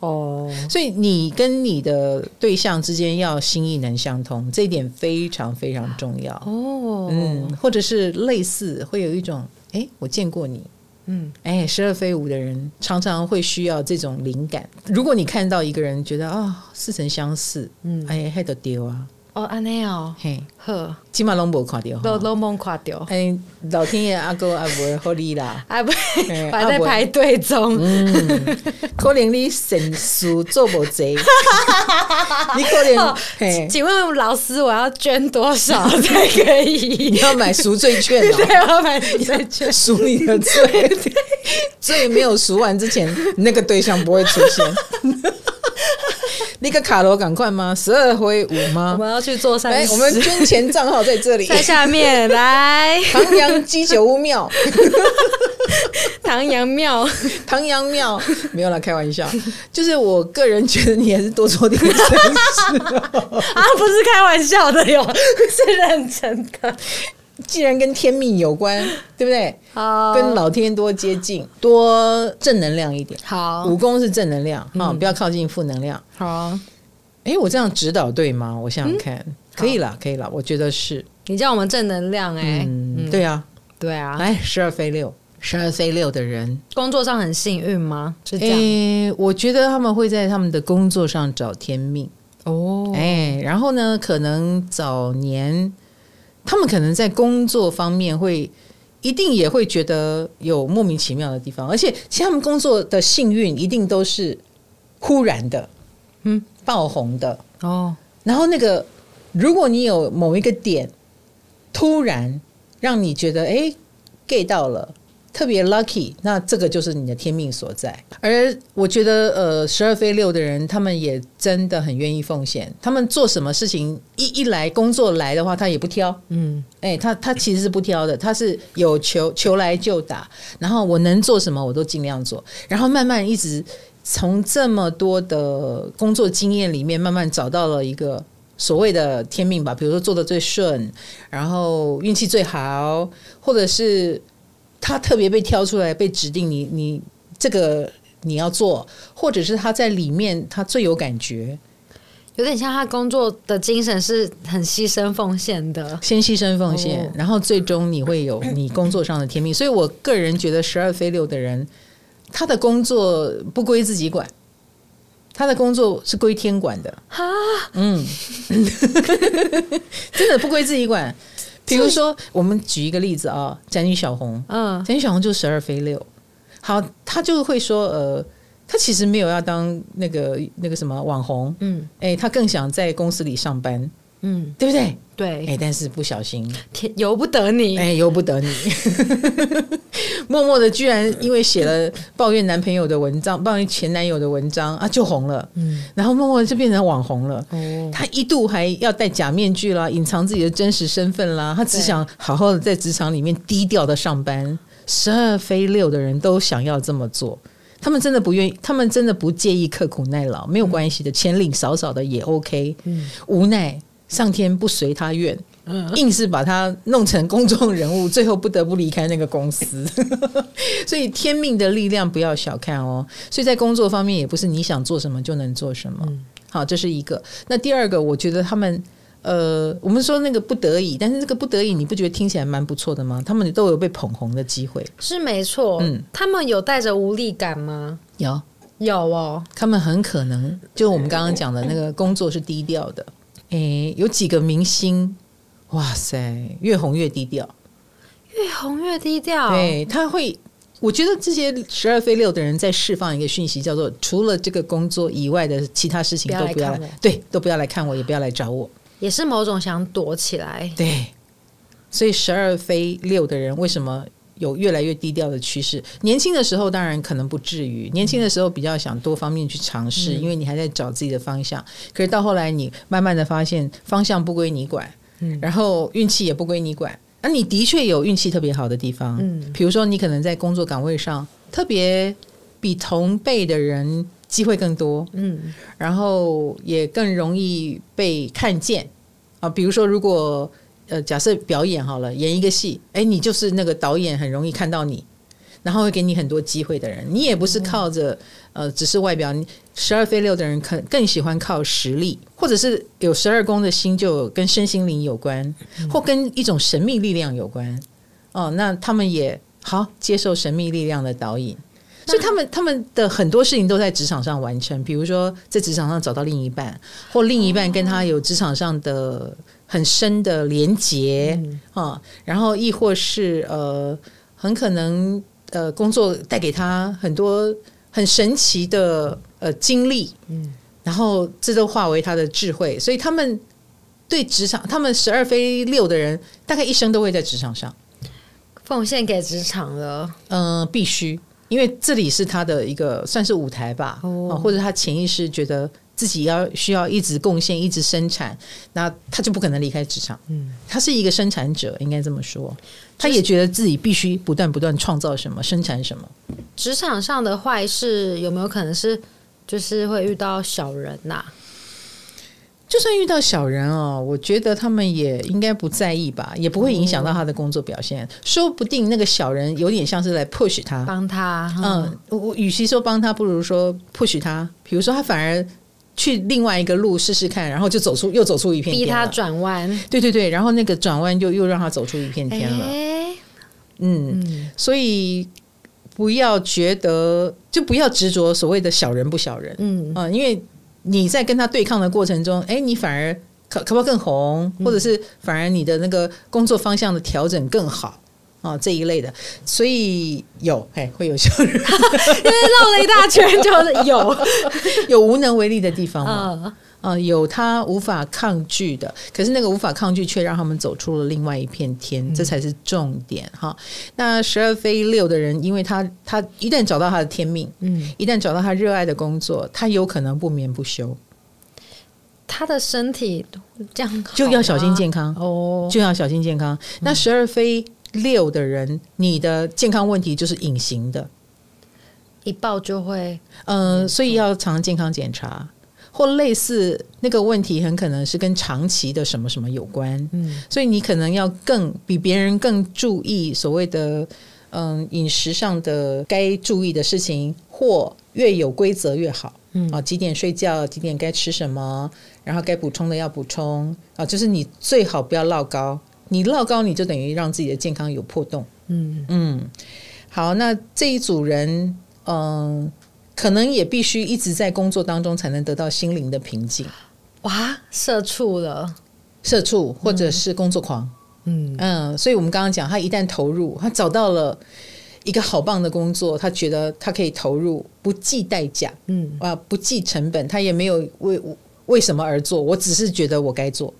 哦。Oh. 所以你跟你的對象之間要心意能相通，這一點非常非常重要哦。Oh. 嗯，或者是類似會有一種。哎、欸，我見過你，嗯，哎、欸，十二飛五的人常常會需要這種靈感。如果你看到一個人，覺得啊、哦，似曾相識，嗯，哎、欸，還得丟啊。哦，安尼哦，呵，起碼攏無看到，都攏蒙看到、欸。哎，老天爺阿哥阿妹，啊、好利啦，阿妹還在排隊中、啊。嗯、 [LAUGHS] 可能你神速做無賊， [LAUGHS] 你可能、喔，請問老師我，老師我要捐多少才可以？你要買贖罪券、喔、 [LAUGHS] 券，對，要買贖罪券，贖你的罪。罪沒有贖完之前， [LAUGHS] 那個對象不會出現。 [LAUGHS] 那個卡羅趕快嗎？十二飛五嗎？我們要去做善事。我們捐錢賬號在這裡。 [LAUGHS] 在下面來， [LAUGHS] 唐揚居酒屋廟， [LAUGHS] 唐陽陽廟廟， [LAUGHS] 唐陽陽廟廟， [LAUGHS] 沒有啦，開玩笑。就是我個人覺得你還是多做點善事、哦、 [LAUGHS] [LAUGHS] 啊，不是開玩笑的喲， [LAUGHS] 是認真的。既然跟天命有關，對不對？好，跟老天多接近，多正能量一點。好，武功是正能量啊、嗯哦，不要靠近負能量、嗯。好，誒，我這樣指導對嗎？我想想看，可以了，可以了，我覺得是。你叫我們正能量誒、欸嗯，對啊，嗯、對啊。哎，十二飛六，十二飛六的人工作上很幸運嗎？是這樣？我覺得他們會在他們的工作上找天命哦。哎，然後呢，可能早年。他們可能在工作方面會一定也會覺得有莫名其妙的地方，而且其實他們工作的幸運一定都是忽然的，嗯，爆紅的哦。然後那個，如果你有某一個點，突然讓你覺得哎，get 到了。特別 lucky，那這個就是你的天命所在。而我覺得，呃，十二飛六的人，他們也真的很願意奉獻。他們做什麼事情，一一來工作來的話，他也不挑，嗯，誒、欸，他他其實是不挑的，他是有求求來就打。然後我能做什麼，我都盡量做。然後慢慢一直從這麼多的工作經驗裡面，慢慢找到了一個所謂的天命吧。比如說做得最順，然後運氣最好，或者是。他特別被挑出來，被指定你你這個你要做，或者是他在裡面他最有感覺，有點像他工作的精神是很犧牲奉獻的，先犧牲奉獻，哦，然後最終你會有你工作上的天命。所以我個人覺得十二飛六的人，他的工作不歸自己管，他的工作是歸天管的。哈嗯， [LAUGHS] 真的不歸自己管。比如說，我們舉一個例子啊，宅女小紅，嗯、uh,，宅女小紅就十二飛六，好，他就會說，呃，他其實沒有要當那個那個什麼網紅，嗯，誒、欸，他更想在公司裡上班，嗯，對不對？對、欸，但是不小心，天，由不得你，哎，由不得你。欸、得你 [LAUGHS] 默默的居然因為寫了抱怨男朋友的文章，抱怨前男友的文章啊，就紅了。嗯，然後默默就變成網紅了。哦、嗯，他一度還要戴假面具啦，隱藏自己的真實身份啦。他只想好好的在職場裡面低調的上班。十二飛六的人都想要這麼做，他們真的不願意，他們真的不介意刻苦耐勞，沒有關係的，錢領少少的也 OK、嗯。無奈。上天不隨他願、嗯，硬是把他弄成公眾人物， [LAUGHS] 最後不得不離開那個公司。 [LAUGHS] 所以天命的力量不要小看哦。所以在工作方面，也不是你想做什麼就能做什麼。嗯、好，這是一個。那第二個，我覺得他們呃，我們說那個不得已，但是這個不得已，你不覺得聽起來蠻不錯的嗎？他們都有被捧紅的機會，是沒錯。嗯，他們有帶着無力感嗎？有，有哦。他們很可能就我們剛剛講的那個工作是低調的。誒，有幾個明星，哇塞，越紅越低調，越紅越低調。對，他會，我覺得這些十二飛六的人在釋放一個訊息，叫做除了這個工作以外的其他事情都不要來，對，都不要來看我，也不要來找我，也是某種想躲起來。對，所以十二飛六的人為什麼？有越來越低調的趨勢。年輕的時候當然可能不至於，年輕的時候比較想多方面去嘗試，嗯、因為你還在找自己的方向。可是到後來，你慢慢的發現方向不歸你管，嗯，然後運氣也不歸你管。那、啊、你的確有運氣特別好的地方，嗯，比如說你可能在工作崗位上特別比同輩的人機會更多，嗯，然後也更容易被看見啊。比如說如果。呃，假設表演好了，演一個戲，哎、欸，你就是那個導演很容易看到你，然後會給你很多機會的人。你也不是靠着呃，只是外表，你十二飛六的人，肯更喜歡靠實力，或者是有十二宮的心，就跟身心靈有關，或跟一種神秘力量有關。哦，那他們也好接受神秘力量的導引，所以他們他們的很多事情都在職場上完成，比如說在職場上找到另一半，或另一半跟他有職場上的。很深的連結，嗯，啊，然後亦或是呃，很可能呃，工作帶給他很多很神奇的呃經歷，嗯，然後這都化為他的智慧。所以他們對職場，他們十二飛六的人，大概一生都會在職場上奉獻給職場了。嗯、呃，必須，因為這裡是他的一個算是舞台吧，哦，啊、或者他潛意識覺得。自己要需要一直貢獻，一直生產，那他就不可能離開職場。嗯，他是一個生產者，應該這麼說。他也覺得自己必須不斷不斷創造什麼，生產什麼。職場上的壞事有沒有可能是就是會遇到小人吶、啊？就算遇到小人哦，我覺得他們也應該不在意吧，也不會影響到他的工作表現、嗯。說不定那個小人有點像是來 push 他，幫他。嗯，嗯我我與其說幫他，不如說 push 他。比如說他反而去另外一個路試試看，然後就走出又走出一片天，逼他轉彎，對對對，然後那個轉彎又又讓他走出一片天了、欸嗯。嗯，所以不要覺得，就不要執着所謂的小人不小人。嗯啊、呃，因為你在跟他對抗的過程中，哎，你反而可可不可以更紅、嗯，或者是反而你的那個工作方向的調整更好。哦，這一類的，所以有哎，會有效人。 [LAUGHS] 因為繞了一大圈就有 [LAUGHS] 有無能為力的地方嘛，啊、哦哦，有他無法抗拒的，可是那個無法抗拒卻讓他們走出了另外一片天，嗯、這才是重點哈、哦。那十二飛六的人，因為他他一旦找到他的天命，嗯，一旦找到他熱愛的工作，他有可能不眠不休，他的身體這樣就要小心健康哦，就要小心健康。嗯、那十二飛。六的人，你的健康問題就是隱形的，一爆就會、呃。嗯，所以要常健康檢查，嗯，或類似那個問題，很可能是跟長期的什麼什麼有關。嗯，所以你可能要更比別人更注意所謂的嗯飲食上的該注意的事情，或越有規則越好。嗯啊，幾點睡覺，幾點該吃什麼，然後該補充的要補充啊，就是你最好不要落高。你落高，你就等於讓自己的健康有破洞。嗯嗯，好，那這一組人，嗯、呃，可能也必須一直在工作當中才能得到心靈的平靜。哇，社畜了，社畜或者是工作狂。嗯嗯，所以我們剛剛講，他一旦投入，他找到了一個好棒的工作，他覺得他可以投入不計代價，嗯哇、啊，不計成本，他也沒有為為什麽而做，我只是覺得我該做。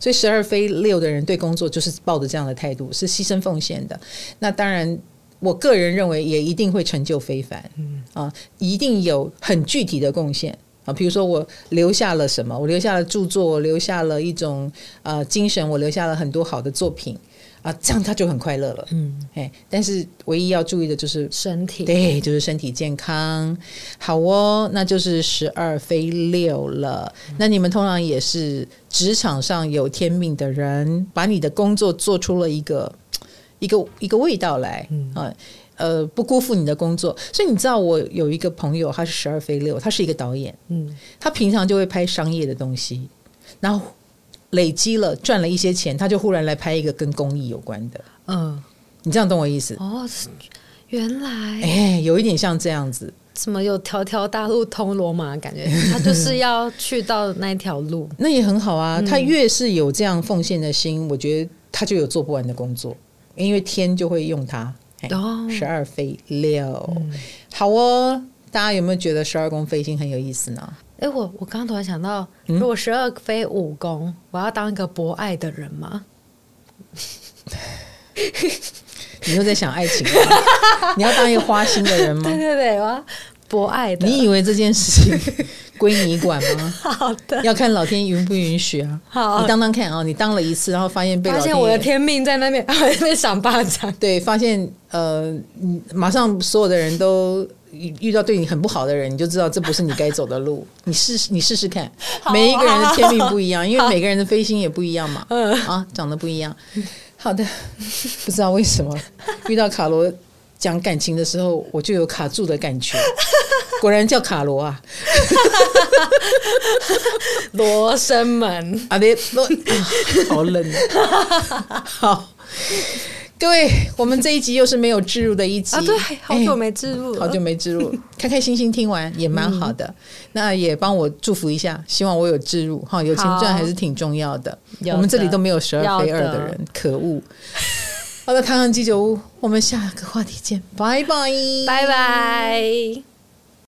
所以十二飛六的人對工作就是抱着這樣的態度，是犧牲奉獻的。那當然，我個人認為也一定會成就非凡。嗯啊，一定有很具體的貢獻啊，比如說我留下了什麼，我留下了著作，我留下了一種呃精神，我留下了很多好的作品啊，這樣他就很快樂了。嗯，哎，但是唯一要注意的就是身體，對，就是身體健康。好哦，那就是十二飛六了。嗯。那你們通常也是。職場上有天命的人，把你的工作做出了一個一個一個味道來，啊、嗯、呃，不辜負你的工作。所以你知道，我有一個朋友，他是十二飛六，他是一個導演，嗯，他平常就會拍商業的東西，然後累積了賺了一些錢，他就忽然來拍一個跟公益有關的，嗯，你這樣懂我意思？哦，原來，哎、欸，有一點像這樣子。怎麼有條條大路通羅馬感覺，他就是要去到那條路， [LAUGHS] 那也很好啊。他越是有這樣奉獻的心、嗯，我覺得他就有做不完的工作，因為天就會用他。哦，十二飛六、嗯，好哦。大家有沒有覺得十二宮飛星很有意思呢？哎、欸，我我剛突然想到，如果十二飛五宮，我要當一個博愛的人嗎？ [LAUGHS] [LAUGHS] 你又在想愛情嗎？ [LAUGHS] 你要當一個花心的人嗎？ [LAUGHS] 對對對，我博愛的。你以為這件事情歸你管嗎？ [LAUGHS] 好的，要看老天允不允許啊。好啊，你當當看啊，你當了一次，然後發現被老天發現我的天命在那邊，被賞巴掌。對，發現呃，馬上所有的人都遇到對你很不好的人，你就知道這不是你該走的路。 [LAUGHS] 你試試，你試試看。啊，每一個人的天命不一樣，因為每個人的飛星也不一樣嘛。嗯啊，長得不一樣。好的，不知道為什麼遇到卡羅講感情的時候，我就有卡住的感覺。果然叫卡羅啊，羅生門啊，你好冷，好。因為我們這一集又是沒有置入的一集，啊，對，好久沒置入，欸，好久沒置入，開開心心聽完也蠻好的， [LAUGHS] 嗯，那也幫我祝福一下，希望我有置入哈，哦，有錢賺還是挺重要的。我們這裡都沒有十二飛二的人的，可惡。好了，看看雞酒屋，我們下個話題見，拜拜， [LAUGHS] 拜拜。